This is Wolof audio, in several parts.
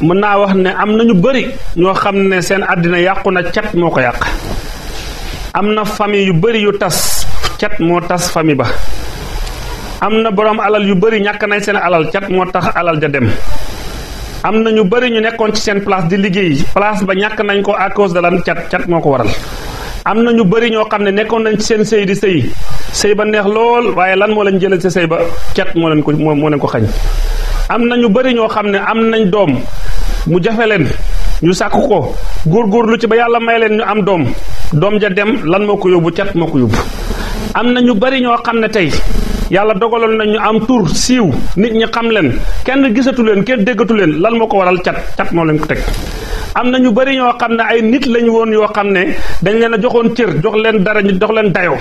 mën naa wax ne am na ñu bëri ñoo xam ne seen àddina yàqu na cat moo ko yàq am na famille yu bëri yu tas cat moo tas famille ba am na borom alal yu bari ñàkk nañ seen alal cat moo tax alal ja dem am na ñu bëri ñu nekkoon ci seen place di liggéey place ba ñàkk nañ ko à cause de lan cat cat moo ko waral am na ñu bari ñoo xam ne nekkoon nañ ci seen sëy di sëy sëy ba neex lool waaye lan moo leen jëlee ci sëy ba cat moo leen ko moo leen ko xañ am na ñu bari ñoo xam ne am nañ doom mu jafe leen ñu sàkk ko góorgóorlu ci ba yàlla may leen ñu am doom doom ja dem lan moo ko yóbbu cat moo ko yóbbu am na ñu bari ñoo xam ne tey yàlla dogaloon na ñu am tur siiw nit ñi xam leen kenn gisatu leen kenn déggatu leen lan moo ko waral cat cat moo leen ko teg am na ñu bari ñoo xam ne ay nit lañu woon yoo xam ne dañ leen a joxoon cër jox leen dara ñu dox leen dayoo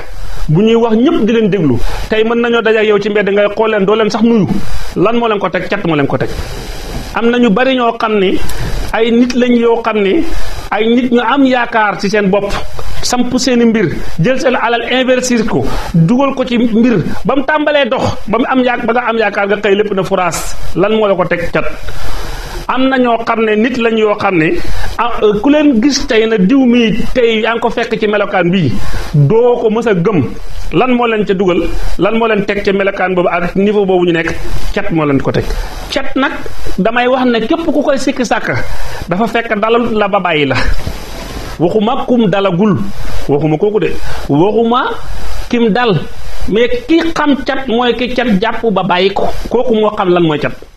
bu ñuy wax ñëpp di leen déglu tey mën nañoo daje yow ci mbedd ngay xool leen doo leen sax nuyu lan moo leen ko teg cat moo leen ko teg am na ñu bari ñoo xam ni ay nit lañ yoo xam ni ay nit ñu am yaakaar ci seen bopp samp seeni mbir jël seen alal investir ko dugal ko ci mbir ba mu tàmbalee dox ba mu am yaa ba nga am yaakaar nga xëy lépp na furaas lan moo la ko teg cat am na ñoo xam ne nit lañ yoo xam ne ah, euh, ku leen gis tey na diw mi tey yaa ngi ko fekk ci melokaan bii doo ko mës a gëm lan moo leen ca dugal lan moo leen teg ca melokaan boobu ak niveau boobu ñu nekk cat moo leen ko teg cat nag damay wax ne képp ku koy sikki sàkk dafa fekk dalalut la ba bàyyi la waxuma kum dalagul waxuma kooku de waxuma kim dal mais ki xam cat mooy ki cat jàpp ba bàyyi ko kooku moo xam lan mooy cat